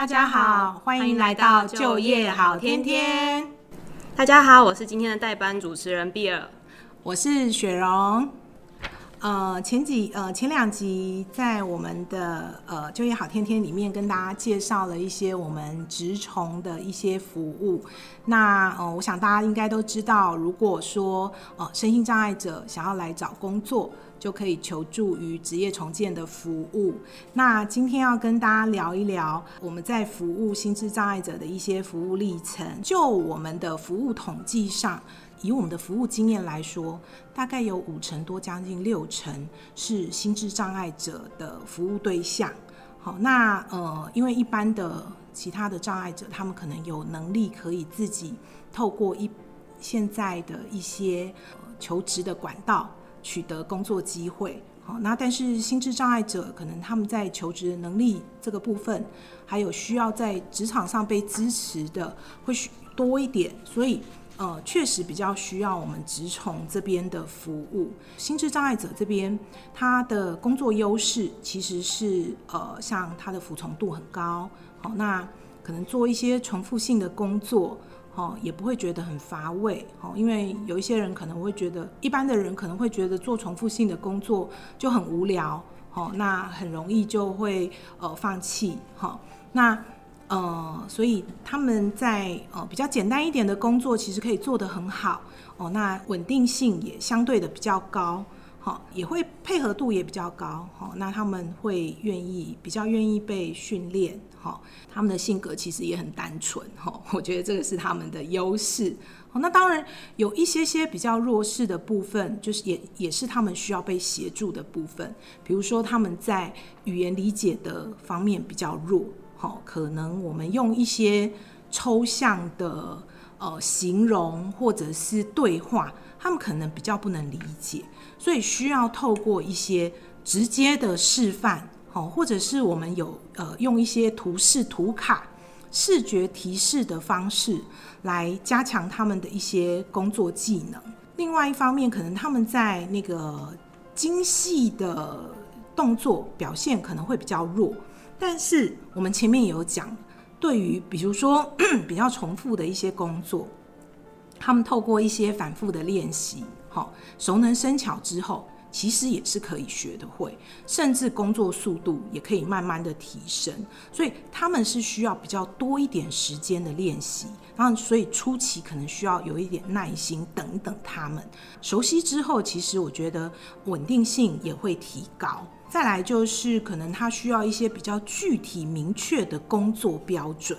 大家好，歡迎來到就業好天天。大家好，我是今天的代班主持人碧兒。我是雪蓉。呃，前幾呃前兩集在我們的呃就業好天天裡面跟大家介紹了一些我們職崇的一些服務。那，呃，我想大家應該都知道，如果說呃身心障礙者想要來找工作。就可以求助於職業重建的服務。那今天要跟大家聊一聊我們在服務心智障礙者的一些服務歷程。就我們的服務統計上，以我們的服務經驗來說，大概有五成多，將近六成是心智障礙者的服務對象。好，那呃，因為一般的其他的障礙者，他們可能有能力可以自己透過一現在的一些求職的管道。取得工作機會，好，那但是心智障礙者可能他們在求職的能力這個部分，還有需要在職場上被支持的會多一點，所以呃確實比較需要我們職重這邊的服務。心智障礙者這邊他的工作優勢其實是呃像他的服從度很高，好，那可能做一些重複性的工作。哦，也不會覺得很乏味哦，因為有一些人可能會覺得，一般的人可能會覺得做重複性的工作就很無聊哦，那很容易就會呃放棄。好，那呃，所以他們在呃比較簡單一點的工作，其實可以做得很好哦，那穩定性也相對的比較高，好，也會配合度也比較高，好，那他們會願意比較願意被訓練。好，他們的性格其實也很單純，我覺得這個是他們的優勢。那當然有一些些比較弱勢的部分，就是也也是他們需要被協助的部分。比如說他們在語言理解的方面比較弱，可能我們用一些抽象的呃形容或者是對話，他們可能比較不能理解，所以需要透過一些直接的示範。哦，或者是我們有呃用一些圖示、圖卡、視覺提示的方式，來加強他們的一些工作技能。另外一方面，可能他們在那個精細的動作表現可能會比較弱。但是我們前面也有講，對於比如說比較重複的一些工作，他們透過一些反覆的練習，好熟能生巧之後。其實也是可以學得會，甚至工作速度也可以慢慢的提升，所以他們是需要比較多一點時間的練習，然後所以初期可能需要有一點耐心，等等他們熟悉之後，其實我覺得穩定性也會提高。再來就是可能他需要一些比較具體明確的工作標準。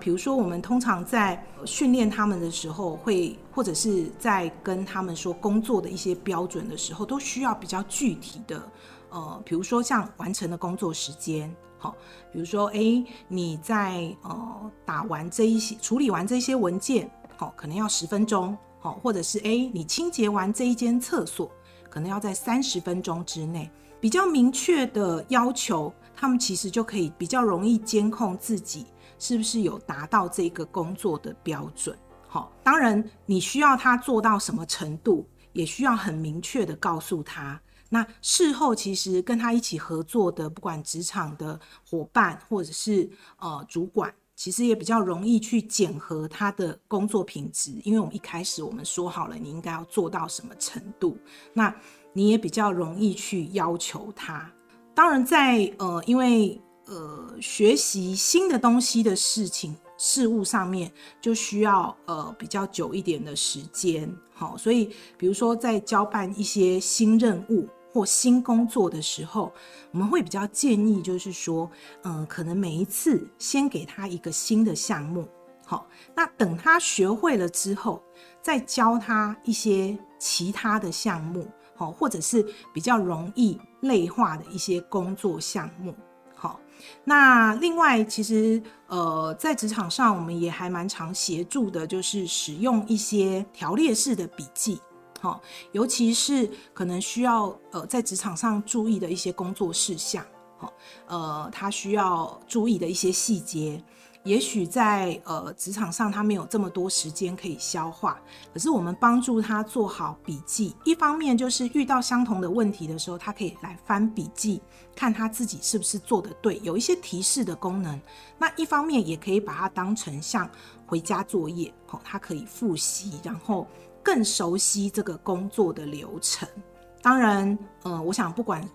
比如說，我們通常在訓練他們的時候會，會或者是在跟他們說工作的一些標準的時候，都需要比較具體的。呃，比如說像完成的工作時間，好、哦，比如說，哎、欸，你在呃打完這一些處理完這些文件，好、哦，可能要十分鐘，好、哦，或者是哎、欸，你清潔完這一間廁所，可能要在三十分鐘之內，比較明確的要求，他們其實就可以比較容易監控自己。是不是有達到這個工作的標準？好、哦，當然你需要他做到什麼程度，也需要很明確的告訴他。那事後其實跟他一起合作的，不管職場的夥伴或者是呃主管，其實也比較容易去檢核他的工作品質，因為我們一開始我們說好了你應該要做到什麼程度，那你也比較容易去要求他。當然在，在呃，因為。呃，學習新的東西的事情、事物上面就需要呃比較久一點的時間，好、哦，所以比如說在交辦一些新任務或新工作的時候，我們會比較建議就是說，嗯、呃，可能每一次先給他一個新的項目，好、哦，那等他學會了之後，再教他一些其他的項目，好、哦，或者是比較容易類化的一些工作項目。那另外，其實呃，在職場上，我們也還蠻常協助的，就是使用一些條列式的筆記，好、哦，尤其是可能需要呃在職場上注意的一些工作事項，好、哦，呃，他需要注意的一些細節。也許在呃職場上，他沒有這麼多時間可以消化。可是我們幫助他做好筆記，一方面就是遇到相同的問題的時候，他可以來翻筆記，看他自己是不是做得對，有一些提示的功能。那一方面也可以把它當成像回家作業，哦，他可以複習，然後更熟悉這個工作的流程。當然，呃，我想不管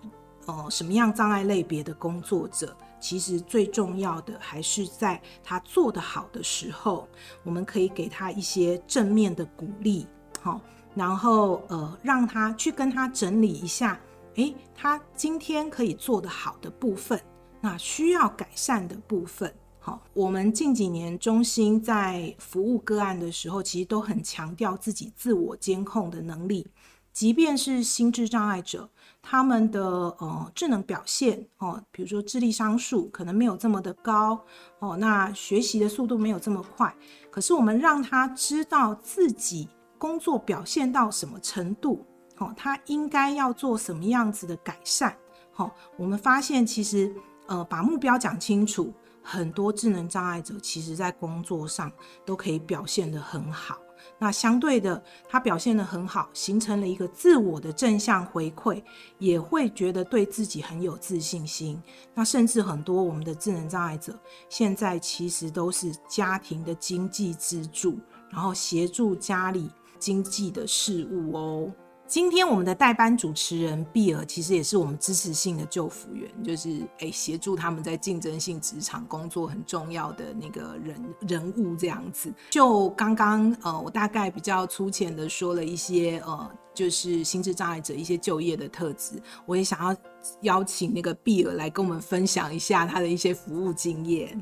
呃什麼樣障礙類別的工作者，其實最重要的還是在他做得好的時候，我們可以給他一些正面的鼓勵，好，然後呃，讓他去跟他整理一下，誒，他今天可以做得好的部分，那需要改善的部分，好，我們近幾年中心在服務個案的時候，其實都很強調自己自我監控的能力。即便是心智障礙者，他們的呃智能表現哦、呃，比如說智力商數可能沒有這麼的高哦、呃，那學習的速度沒有這麼快，可是我們讓他知道自己工作表現到什麼程度，哦、呃，他應該要做什麼樣子的改善，哦、呃，我們發現其實呃把目標講清楚，很多智能障礙者其實在工作上都可以表現得很好。那相對的，他表現得很好，形成了一個自我的正向回饋，也會覺得對自己很有自信心。那甚至很多我們的智能障礙者，現在其實都是家庭的經濟支柱，然後協助家裡經濟的事物哦。今天我們的代班主持人碧兒其實也是我們支持性的就服員，就是哎，協助他們在競爭性職場工作很重要的那個人人物，這樣子。就剛剛呃，我大概比較粗淺的說了一些呃，就是心智障礙者一些就業的特質。我也想要邀請那個碧兒來跟我們分享一下他的一些服務經驗。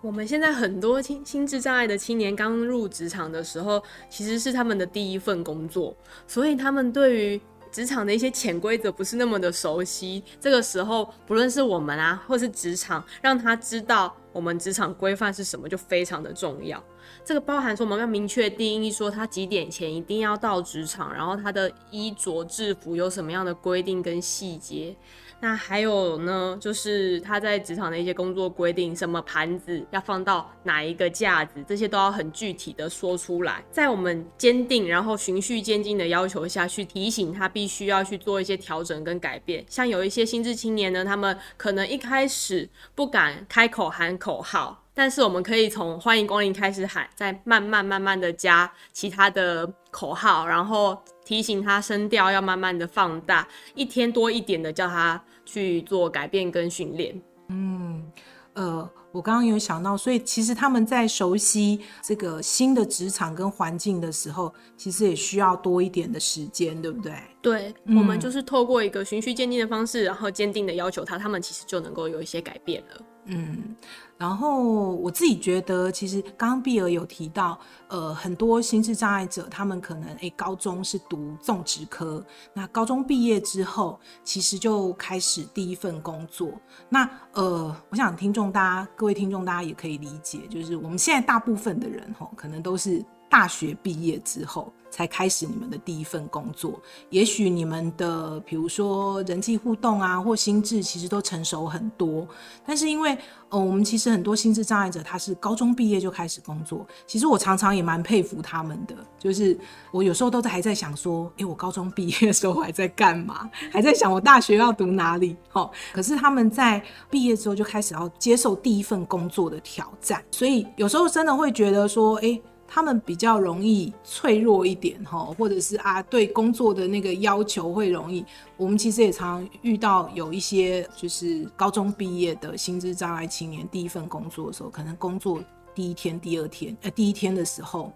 我們現在很多心智障礙的青年剛入職場的時候，其實是他們的第一份工作，所以他們對於職場的一些潛規則不是那麼的熟悉。這個時候，不論是我們啊，或是職場，讓他知道我們職場規範是什麼，就非常的重要。這個包含說，我們要明確定義，說他幾點前一定要到職場，然後他的衣着制服有什麼樣的規定跟細節。那還有呢，就是他在職場的一些工作規定，什麼盤子要放到哪一個架子，這些都要很具體的說出來。在我們堅定，然後循序漸進的要求下去，提醒他必須要去做一些調整跟改變。像有一些心智青年呢，他們可能一開始不敢開口喊口號，但是我們可以從歡迎光臨開始喊，再慢慢慢慢的加其他的口號，然後。提醒他聲調要慢慢的放大，一天多一點的叫他去做改變跟訓練。嗯，呃，我剛剛有想到，所以其實他們在熟悉這個新的職場跟環境的時候，其實也需要多一點的時間，對不對？對，嗯、我們就是透過一個循序漸進的方式，然後堅定的要求他，他們其實就能夠有一些改變了。嗯。然後我自己覺得，其實剛剛碧爾有提到，呃，很多心智障礙者，他們可能誒，高中是讀綜職科，那高中畢業之後，其實就開始第一份工作。那呃，我想聽眾大家，各位聽眾大家也可以理解，就是我們現在大部分的人哈，可能都是大學畢業之後。才開始你們的第一份工作，也許你們的，比如說人際互動啊，或心智其實都成熟很多。但是因為，呃、哦，我們其實很多心智障礙者，他是高中畢業就開始工作。其實我常常也蠻佩服他們的，就是我有時候都還在想說，誒、欸，我高中畢業的時候我還在幹嘛？還在想我大學要讀哪裡？哈、哦。可是他們在畢業之後就開始要接受第一份工作的挑戰，所以有時候真的會覺得說，誒、欸……他們比較容易脆弱一點哈，或者是啊，對工作的那個要求會容易。我們其實也常常遇到有一些就是高中畢業的心智障礙青年，第一份工作的時候，可能工作第一天、第二天，呃、欸，第一天的時候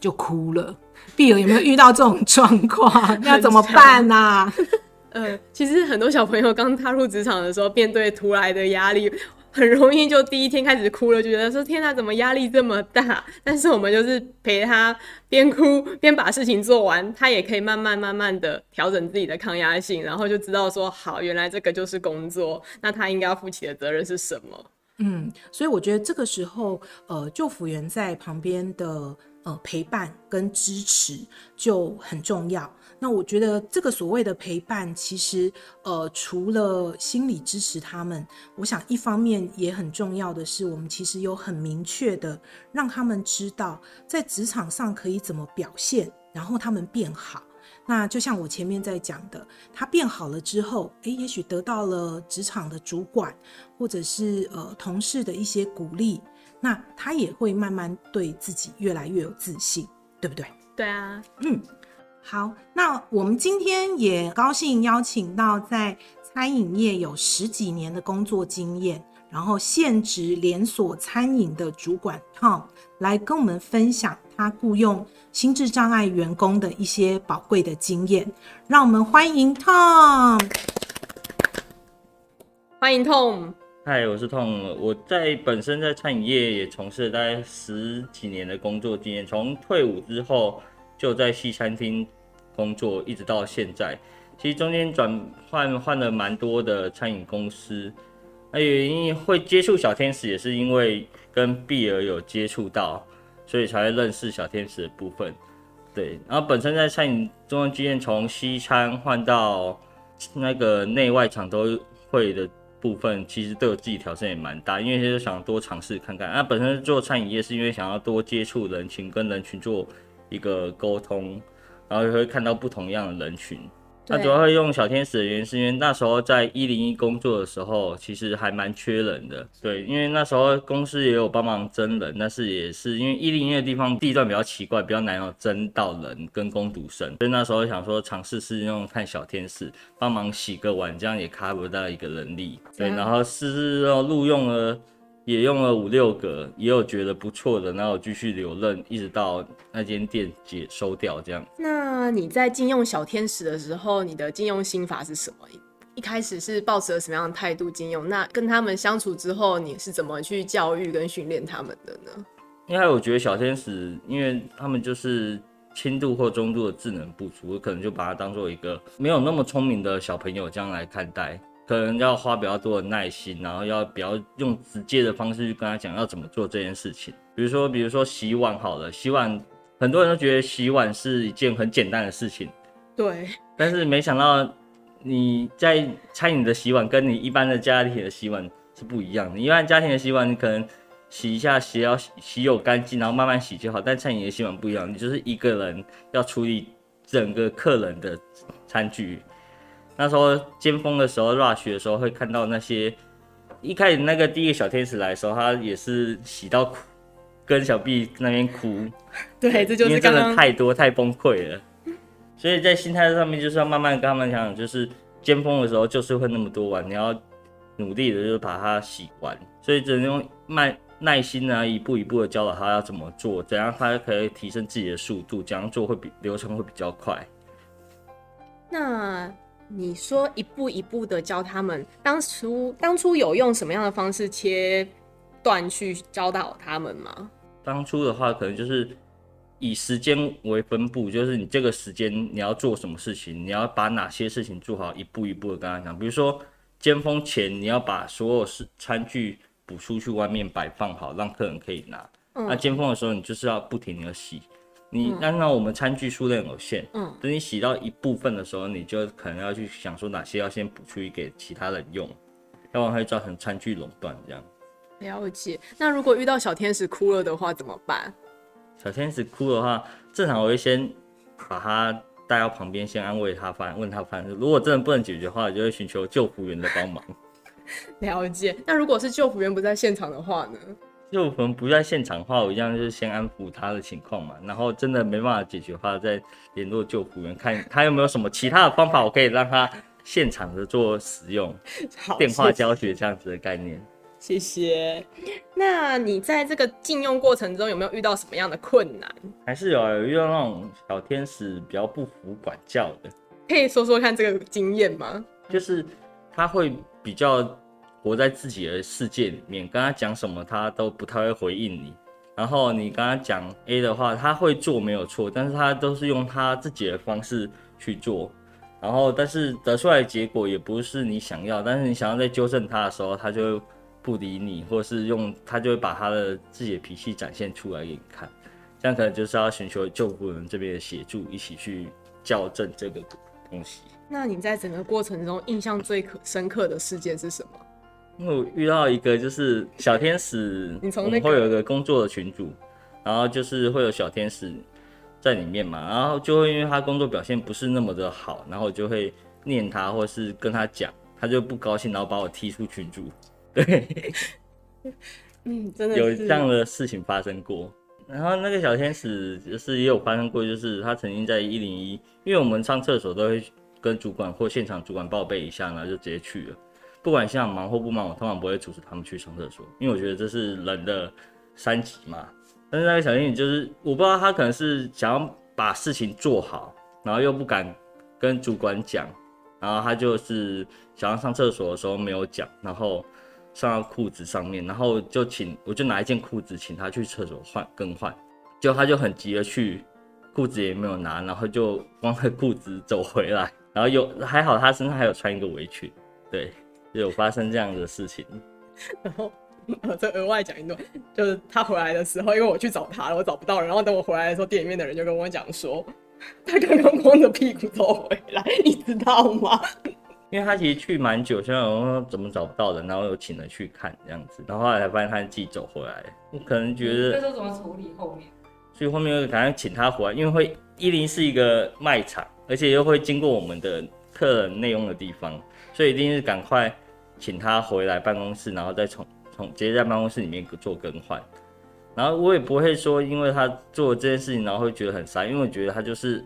就哭了。B 友有沒有遇到這種狀況？ 要怎麼辦呢、啊 呃？其實很多小朋友剛踏入職場的時候，面對突來的壓力。很容易就第一天開始哭了，就覺得說，天哪，怎麼壓力這麼大？但是我們就是陪他邊哭邊把事情做完，他也可以慢慢慢慢的調整自己的抗壓性，然後就知道說好，原來這個就是工作，那他應該要負起的責任是什麼？嗯，所以我覺得這個時候，呃，就服員在旁邊的呃陪伴跟支持就很重要。那我覺得這個所謂的陪伴，其實呃，除了心理支持他們，我想一方面也很重要的是，我們其實有很明確的讓他們知道在職場上可以怎麼表現，然後他們變好。那就像我前面在講的，他變好了之後，誒，也許得到了職場的主管或者是呃，同事的一些鼓勵，那他也會慢慢對自己越來越有自信，對不對？對啊，嗯。好，那我們今天也高興邀請到在餐飲業有十幾年的工作經驗，然後現職連鎖餐飲的主管 Tom 來跟我們分享他僱用心智障礙員工的一些寶貴的經驗。讓我們歡迎 Tom，歡迎 Tom。嗨，我是 Tom，我在本身在餐飲業也從事了大概十幾年的工作經驗，從退伍之後就在西餐廳工作一直到現在，其實中間轉換換了蠻多的餐飲公司，那原因會接觸小天使也是因為跟碧兒有接觸到，所以才會認識小天使的部分。對，然後本身在餐飲中間經驗從西餐換到那個內外場都會的部分，其實都有自己挑戰也蠻大，因為就想多嘗試看看。那本身做餐飲業是因為想要多接觸人群，跟人群做一個溝通。然後也會看到不同樣的人群，那、啊、主要會用小天使的原因，是因為那時候在一零一工作的時候，其實還蠻缺人的，對，因為那時候公司也有幫忙徵人，但是也是因為一零一的地方地段比較奇怪，比較難有徵到人跟工讀生，所以那時候想說嘗試試用看小天使幫忙洗個碗，這樣也卡不到一個能力、嗯，對，然後試用錄用了。也用了五六個，也有覺得不錯的，然後繼續留任，一直到那間店解收掉這樣。那你在進用小天使的時候，你的進用心法是什麼？一開始是抱持了什麼樣的態度進用？那跟他們相處之後，你是怎麼去教育跟訓練他們的呢？因為我覺得小天使，因為他們就是輕度或中度的智能不足，我可能就把它當做一個沒有那麼聰明的小朋友這樣來看待。可能要花比較多的耐心，然後要比較用直接的方式去跟他講要怎麼做這件事情。比如說，比如說洗碗好了，洗碗很多人都覺得洗碗是一件很簡單的事情，對。但是沒想到你在餐飲的洗碗跟你一般的家庭的洗碗是不一樣的。你一般家庭的洗碗，你可能洗一下洗要洗，洗有乾淨，然後慢慢洗就好。但餐飲的洗碗不一樣，你就是一個人要處理整個客人的餐具。那時候尖峰的時候，rush 的時候會看到那些，一開始那個第一個小天使來的時候，他也是洗到哭，跟小 B 那邊哭。 對，這就是剛剛因為真的太多太崩潰了。所以在心態上面就是要慢慢跟他們講，就是尖峰的時候就是會那麼多碗，你要努力的，就是把它洗完。所以只能用慢耐心呢，一步一步的教導他要怎麼做，怎樣他可以提升自己的速度，怎樣做會比流程會比較快。那。你說一步一步的教他們，當初當初有用什麼樣的方式切斷去教導他們嗎？當初的話，可能就是以時間為分布，就是你這個時間你要做什麼事情，你要把哪些事情做好，一步一步的跟他講。比如說，尖峰前你要把所有是餐具補出去外面擺放好，讓客人可以拿。那，嗯，啊，尖峰的時候，你就是要不停的洗。你那，那我們餐具數量有限，嗯，等你洗到一部分的時候，你就可能要去想說哪些要先補出去給其他人用，要不然會造成餐具壟斷這樣。了解。那如果遇到小天使哭了的話怎麼辦？小天使哭了的話，正常我會先把他帶到旁邊先安慰他，反問他反。如果真的不能解決的話，就會尋求就服員的幫忙。了解。那如果是就服員不在現場的話呢？就我們不在現場的話，我一樣就是先安撫他的情況嘛，然後真的沒辦法解決的話，再聯絡就服員，看他有沒有什麼其他的方法， 我可以讓他現場的做使用謝謝電話教學這樣子的概念。謝謝。那你在這個進用過程中有沒有遇到什麼樣的困難？還是有，有遇到那種小天使比較不服管教的，可以說說看這個經驗嗎？就是他會比較。活在自己的世界裡面，跟他講什麼他都不太會回應你。然後你跟他講 A 的話，他會做沒有錯，但是他都是用他自己的方式去做。然後但是得出來的結果也不是你想要。但是你想要再糾正他的時候，他就不理你，或者是用他就會把他的自己的脾氣展現出來給你看。這樣可能就是要尋求就服人這邊的協助，一起去校正這個東西。那你在整個過程中印象最深刻的事件是什麼？我遇到一個就是小天使，我們會有一個工作的群組，那個，然後就是會有小天使在裡面嘛，然後就會因為他工作表現不是那麼的好，然後就會念他或是跟他講，他就不高興，然後把我踢出群組。對， 嗯，真的有這樣的事情發生過。然後那個小天使就是也有發生過，就是他曾經在一零一，因為我們上廁所都會跟主管或現場主管報備一下，然後就直接去了。不管現場忙或不忙，我通常不會阻止他們去上廁所，因為我覺得這是人的三急嘛。但是那個小麗，就是我不知道她可能是想要把事情做好，然後又不敢跟主管講，然後她就是想要上廁所的時候沒有講，然後上到褲子上面，然後就請我就拿一件褲子請他去廁所換更換，結果他就很急的去褲子也沒有拿，然後就光著褲子走回來，然後又還好他身上還有穿一個圍裙，對。有發生這樣的事情，然後我再額外講一段，就是他回來的時候，因為我去找他了，我找不到了，然後等我回來的時候，店裡面的人就跟我講說，他剛剛光着屁股走回來，你知道嗎？ 因為他其實去蠻久，所以我說怎麼找不到的，然後又請人去看這樣子，然後後來才發現他自己走回來。我可能覺得那時候怎麼處理後面？所以後面又趕快請他回來，因為會一零是一個賣場，而且又會經過我們的客人內用的地方，所以一定是趕快。請他回來辦公室，然後再從從直接在辦公室裡面做更換，然後我也不會說因為他做這件事情，然後會覺得很傻，因為我覺得他就是，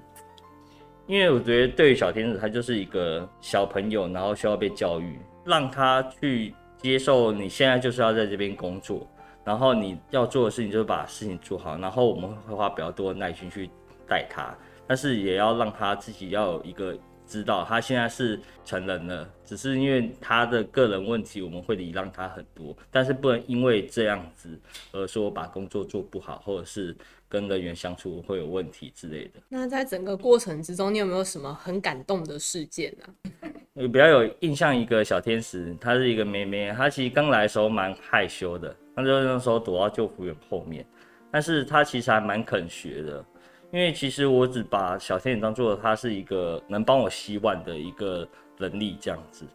因為我覺得對於小天使，他就是一個小朋友，然後需要被教育，讓他去接受你現在就是要在這邊工作，然後你要做的事情就是把事情做好，然後我們會花比較多的耐心去帶他，但是也要讓他自己要有一個。知道他現在是成人了，只是因為他的個人問題，我們會禮讓他很多，但是不能因為這樣子而說把工作做不好，或者是跟人員相處會有問題之類的。那在整個過程之中，你有沒有什麼很感動的事件啊？比較有印象一個小天使，他是一個妹妹，他其實剛來的時候蠻害羞的，他就那時候躲到就服員後面，但是他其實還蠻肯學的。因為其實我只把小天眼當做他是一個能幫我洗碗的一個能力這樣子，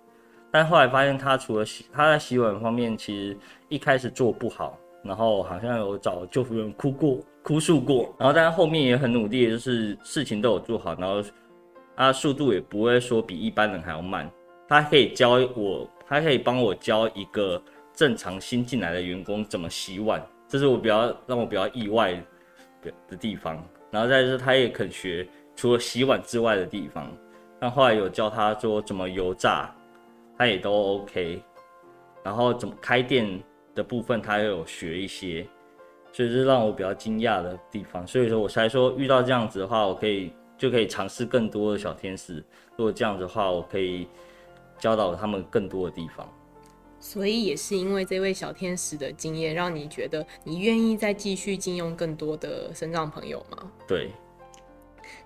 但後來發現他除了洗他在洗碗方面，其實一開始做不好，然後好像有找就服員哭過、哭訴過，然後但是後面也很努力，就是事情都有做好，然後他速度也不會說比一般人還要慢，他可以教我，他可以幫我教一個正常新進來的員工怎麼洗碗，這是我比較讓我比較意外的地方。然後，再是他也肯學，除了洗碗之外的地方，但後來有教他說怎麼油炸，他也都 OK。然後怎麼開店的部分，他也有學一些，所以是讓我比較驚訝的地方。所以說我才說，遇到這樣子的話，我可以就可以嘗試更多的小天使。如果這樣子的話，我可以教導他們更多的地方。所以也是因為這位小天使的經驗，讓你覺得你願意再繼續進用更多的身障朋友嗎？對。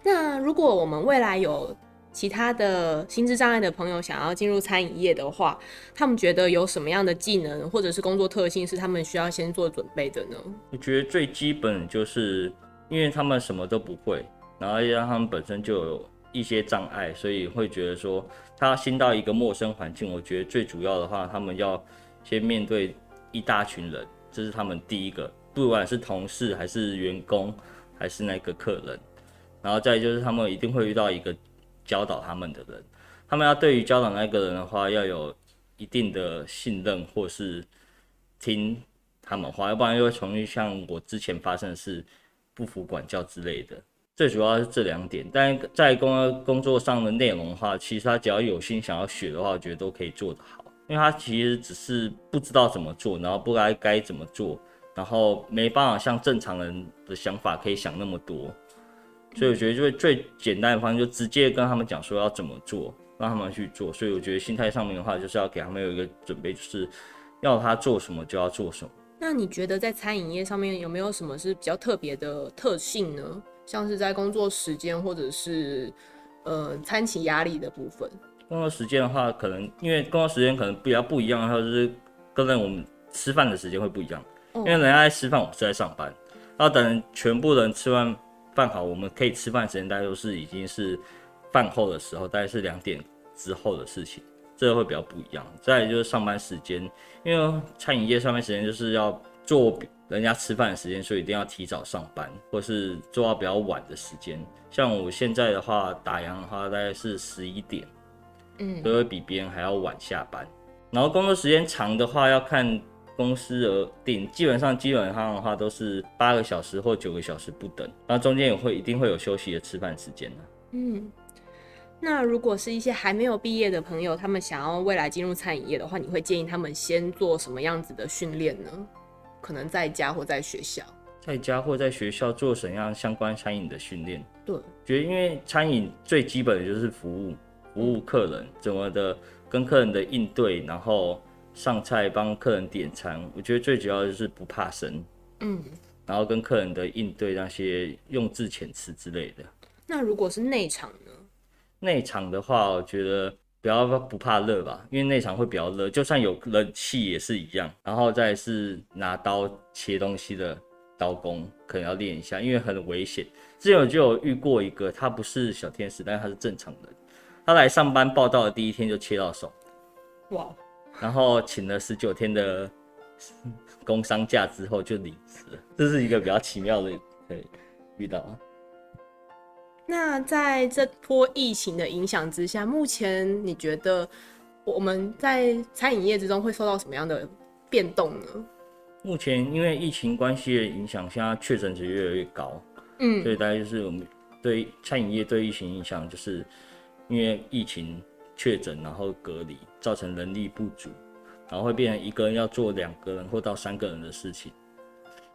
那如果我們未來有其他的心智障礙的朋友想要進入餐飲業的話，他們覺得有什麼樣的技能或者是工作特性是他們需要先做準備的呢？我覺得最基本就是因為他們什麼都不會，然後讓他們本身就有。一些障礙，所以會覺得說他新到一個陌生環境。我覺得最主要的話，他們要先面對一大群人，這是他們第一個，不管是同事還是員工還是那個客人。然後再就是他們一定會遇到一個教導他們的人，他們要對於教導那個人的話要有一定的信任或是聽他們話，要不然就會重新像我之前發生的是不服管教之類的。最主要是這兩點，但在工工作上的內容的話，其實他只要有心想要學的話，我覺得都可以做得好，因為他其實只是不知道怎麼做，然後不該該怎麼做，然後沒辦法像正常人的想法可以想那麼多，所以我覺得就最簡單的方式就直接跟他們講說要怎麼做，讓他們去做。所以我覺得心態上面的話，就是要給他們有一個準備，就是要他做什麼就要做什麼。那你覺得在餐飲業上面有沒有什麼是比較特別的特性呢？像是在工作時間或者是，呃，餐期壓力的部分。工作時間的話，可能因為工作時間可能比較不一樣，還有就是跟在我們吃飯的時間會不一樣。Oh. 因為人家在吃飯，我們是在上班。然後等全部人吃完飯好，我們可以吃飯時間，大概都是已經是飯後的時候，大概是兩點之後的事情，這個會比較不一樣。再就是上班時間，因為餐飲業上班時間就是要。做人家吃飯的時間，所以一定要提早上班，或是做到比較晚的時間。像我現在的話，打烊的話大概是十一點，嗯，所以比別人還要晚下班。然後工作時間長的話，要看公司而定，基本上基本上的話都是八個小時或九個小時不等。那中間也會一定會有休息的吃飯時間呢。嗯，那如果是一些還沒有畢業的朋友，他們想要未來進入餐飲業的話，你會建議他們先做什麼樣子的訓練呢？可能在家或在學校，在家或在學校做什麼樣相關餐飲的訓練？對，覺得因為餐飲最基本的就是服務，服務客人怎麼的，跟客人的應對，然後上菜幫客人點餐。我覺得最主要就是不怕生，嗯，然後跟客人的應對那些用字遣詞之類的。那如果是內場呢？內場的話，我覺得。不要不怕熱吧，因為內場會比較熱，就算有冷氣也是一樣。然後再是拿刀切東西的刀工，可能要練一下，因為很危險。之前我就有遇過一個，他不是小天使，但是他是正常人，他來上班報到的第一天就切到手，哇、wow.！然後請了十九天的工傷假之後就離職了，這是一個比較奇妙的對，遇到。那在這波疫情的影響之下，目前你覺得我們在餐飲業之中會受到什麼樣的變動呢？目前因為疫情關係的影響，現在確診值越來越高，嗯，所以大概就是我們對餐飲業對疫情影響，就是因為疫情確診，然後隔離，造成人力不足，然後會變成一個人要做兩個人或到三個人的事情。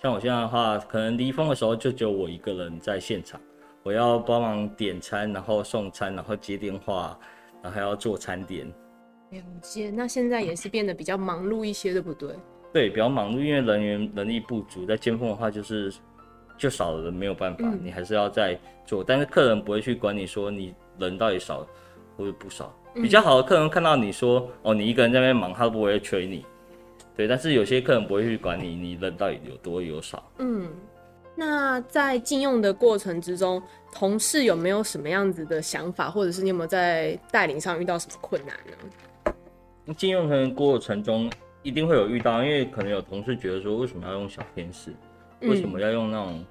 像我現在的話，可能離峰的時候就只有我一個人在現場。我要幫忙點餐，然後送餐，然後接電話，然後還要做餐點。了解，那現在也是變得比較忙碌一些， 對不對？對，比較忙碌，因為人員人力不足，在尖峰的話就是就少了人，沒有辦法，嗯、你還是要再做。但是客人不會去管你說你人到底少或者不少。比較好的客人看到你說、嗯、哦，你一個人在那邊忙，他都不會催你。對，但是有些客人不會去管你，你人到底有多有少。嗯。那在進用的過程之中，同事有沒有什麼樣子的想法，或者是你有沒有在帶領上遇到什麼困難呢？進用的過程中一定會有遇到，因為可能有同事覺得說為什麼要用小天使，為什麼要用那種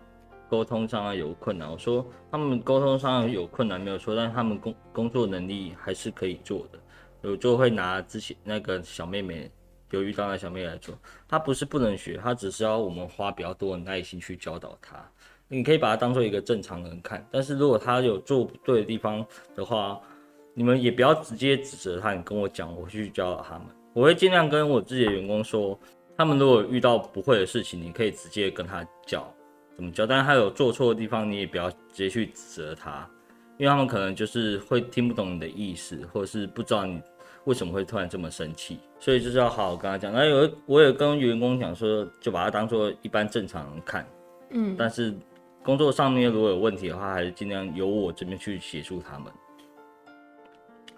溝通上啊有困難，嗯。我說他們溝通上有困難沒有說，但是他們工工作能力還是可以做的，有就會拿之前那個小妹妹。由於剛才小妹來做，她不是不能學，她只是要我們花比較多的耐心去教導她。你可以把她當做一個正常人看，但是如果她有做不對的地方的話，你們也不要直接指責她。你跟我講，我去教導他們。我會盡量跟我自己的員工說，他們如果遇到不會的事情，你可以直接跟他教怎麼教。但是他有做錯的地方，你也不要直接去指責他，因為他們可能就是會聽不懂你的意思，或者是不知道你。為什麼會突然這麼生氣？所以就是要好好跟他講。那有我也跟員工講說，就把他當做一般正常人看。嗯，但是工作上面如果有問題的話，還是盡量由我這邊去協助他們，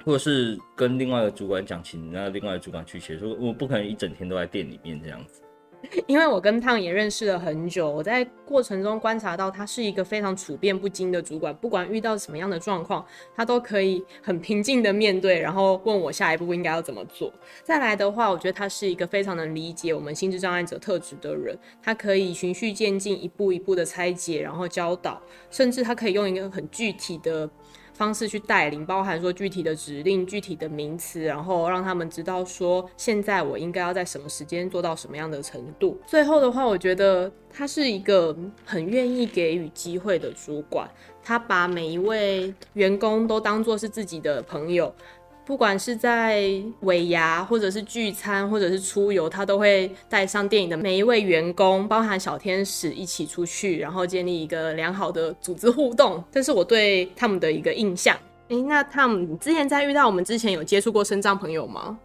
或是跟另外一個主管講，請那另外一個主管去協助。我不可能一整天都在店裡面這樣子。因為我跟 Tom 也認識了很久，我在過程中觀察到，他是一個非常處變不驚的主管，不管遇到什麼樣的狀況，他都可以很平靜的面對，然後問我下一步應該要怎麼做。再來的話，我覺得他是一個非常能理解我們心智障礙者特質的人，他可以循序漸進，一步一步的拆解，然後教導，甚至他可以用一個很具體的，方式去帶領，包含說具體的指令、具體的名詞，然後讓他們知道說，現在我應該要在什麼時間做到什麼樣的程度。最後的話，我覺得他是一個很願意給予機會的主管，他把每一位員工都當做是自己的朋友。不管是在尾牙，或者是聚餐，或者是出遊，他都會帶上電影的每一位員工，包含小天使一起出去，然後建立一個良好的組織互動。這是我對他們的一個印象。誒、欸，那 Tom 你之前在遇到我們之前有接觸過身障朋友嗎？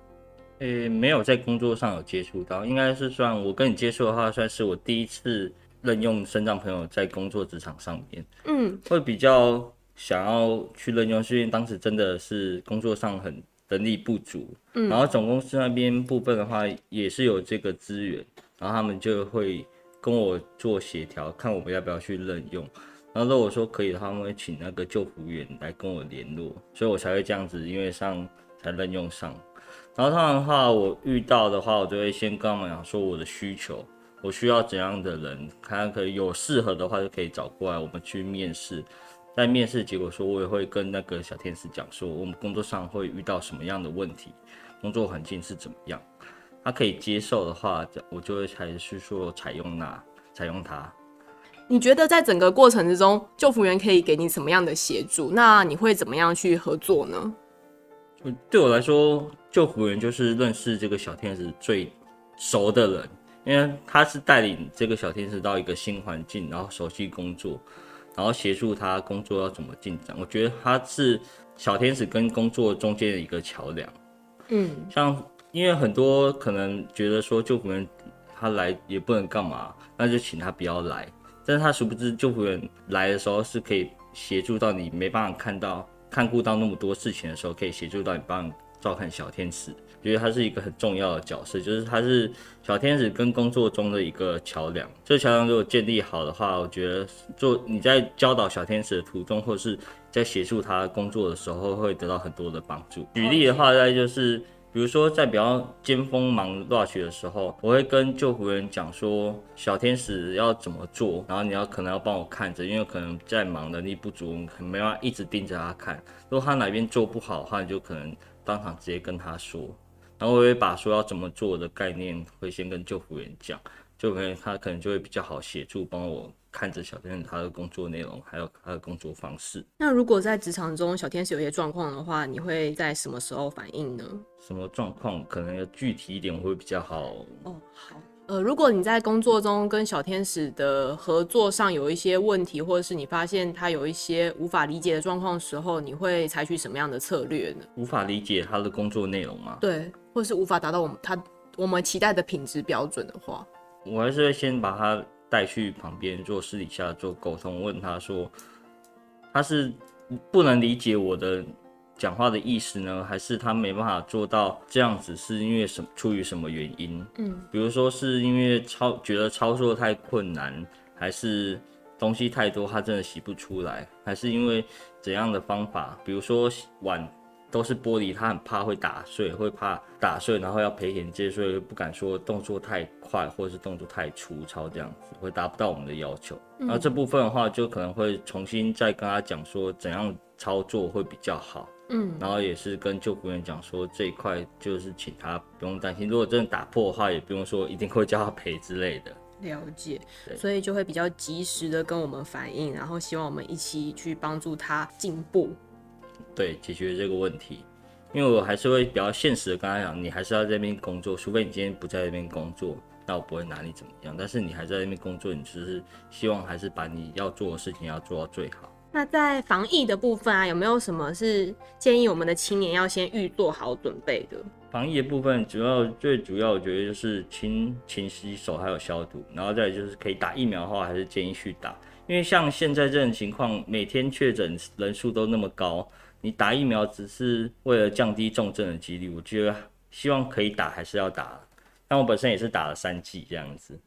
誒、欸，沒有在工作上有接觸到，應該是算我跟你接觸的話，算是我第一次任用身障朋友在工作職場上面。嗯，會比較。想要去任用是因為當時真的是工作上很能力不足，嗯，然後總公司那邊部分的話也是有這個資源，然後他們就會跟我做協調，看我們要不要去任用，然後如果說可以的話，他們會請那個就服員來跟我聯絡，所以我才會這樣子，因為上才任用上，然後他們的話，我遇到的話，我就會先跟他們講說我的需求，我需要怎樣的人，看可以有適合的話就可以找過來，我們去面試。在面試結果說，我也會跟那個小天使講說，我們工作上會遇到什麼樣的問題，工作環境是怎麼樣。他可以接受的話，我就會還是說採用那，採用他。你覺得在整個過程之中，就服員可以給你什麼樣的協助？那你會怎麼樣去合作呢？對我來說，就服員就是認識這個小天使最熟的人，因為他是帶領這個小天使到一個新環境，然後熟悉工作。然後協助他工作要怎麼進展，我覺得他是小天使跟工作中間的一個橋樑。嗯，像因為很多可能覺得說就服員，他來也不能幹嘛，那就請他不要來。但是他殊不知，就服員來的時候是可以協助到你沒辦法看到、看顧到那麼多事情的時候，可以協助到你幫你照看小天使，我覺得他是一個很重要的角色，就是他是小天使跟工作中的一個橋梁。這橋梁如果建立好的話，我覺得做你在教導小天使的途中，或者是在協助他工作的時候，會得到很多的幫助。舉例的話，大概就是。比如說，在比較尖峰忙落去的時候，我會跟就服員講說小天使要怎麼做，然後你要可能要幫我看着，因為可能在忙，能力不足，你沒辦法一直盯着他看。如果他哪邊做不好的話，你就可能當場直接跟他說。然後我會把說要怎麼做的概念，會先跟就服員講，就服員他可能就會比較好協助幫我。看着小天使他的工作內容，還有他的工作方式。那如果在職場中小天使有一些狀況的話，你會在什麼時候反應呢？什麼狀況？可能要具體一點會比較好。哦，好。呃，如果你在工作中跟小天使的合作上有一些問題，或者是你發現他有一些無法理解的狀況的時候，你會採取什麼樣的策略呢？無法理解他的工作內容嗎？對，或是無法達到我們他我們期待的品質標準的話，我還是會先把他，帶去旁邊做私底下做溝通，問他說，他是不能理解我的講話的意思呢，還是他沒辦法做到這樣子？是因為什麼，出於什麼原因？嗯，比如說是因為操覺得操作太困難，還是東西太多他真的洗不出來，還是因為怎樣的方法？比如說碗，都是玻璃，他很怕會打碎，會怕打碎，然後要賠錢，所以不敢說動作太快，或者是動作太粗糙，這樣子會達不到我們的要求。那、嗯、這部分的話，就可能會重新再跟他講說怎樣操作會比較好。嗯，然後也是跟就服員講說，這一塊就是請他不用擔心，如果真的打破的話，也不用說一定會叫他賠之類的。了解，所以就會比較及時的跟我們反映，然後希望我們一起去幫助他進步。對，解決這個問題，因為我還是會比較現實的跟他講，你還是要在這邊工作，除非你今天不在這邊工作，那我不會拿你怎麼樣。但是你還是在那邊工作，你就是希望還是把你要做的事情要做到最好。那在防疫的部分啊，有沒有什麼是建議我們的青年要先預做好準備的？防疫的部分主要最主要，我覺得就是勤勤洗手，還有消毒，然後再來就是可以打疫苗的話，還是建議去打，因為像現在這種情況，每天確診人數都那麼高。你打疫苗只是為了降低重症的幾率，我覺得希望可以打還是要打。但我本身也是打了三劑這樣子。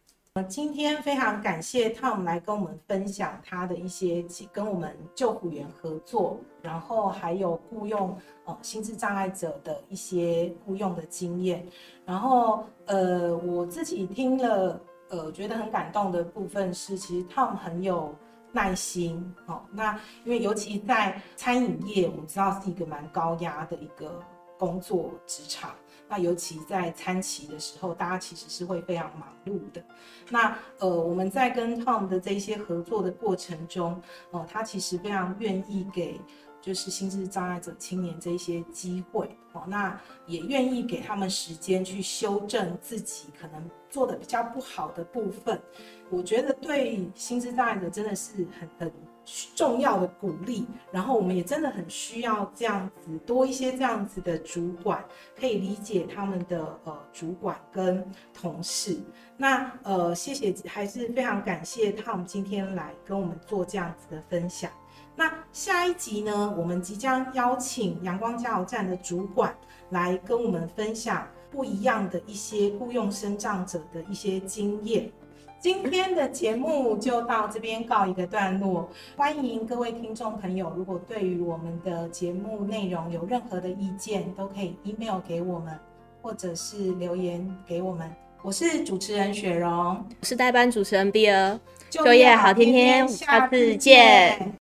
今天非常感謝 Tom 來跟我們分享他的一些跟我們就服員合作，然後還有雇用呃心智障礙者的一些雇用的經驗。然後呃我自己聽了呃覺得很感動的部分是，其實 Tom 很有。耐心，哦，那因為尤其在餐飲業，我們知道是一個蠻高壓的一個工作職場，那尤其在餐期的時候，大家其實是會非常忙碌的。那呃，我們在跟 Tom 的這一些合作的過程中，哦，他其實非常願意給就是心智障礙者青年這一些機會。哦，那也願意給他們時間去修正自己可能做的比較不好的部分。我覺得對心智障礙者真的是很很重要的鼓勵。然後我們也真的很需要這樣子多一些這樣子的主管，可以理解他們的呃主管跟同事。那呃，謝謝，還是非常感謝 Tom 今天來跟我們做這樣子的分享。那下一集呢，我們即將邀請陽光加油站的主管來跟我們分享不一樣的一些僱用身障者的一些經驗。今天的節目就到這邊告一個段落。歡迎各位聽眾朋友，如果對於我們的節目內容有任何的意見，都可以 email 給我們，或者是留言給我們。我是主持人雪蓉，我是代班主持人 B 兒、呃。就業好，天天，下次見。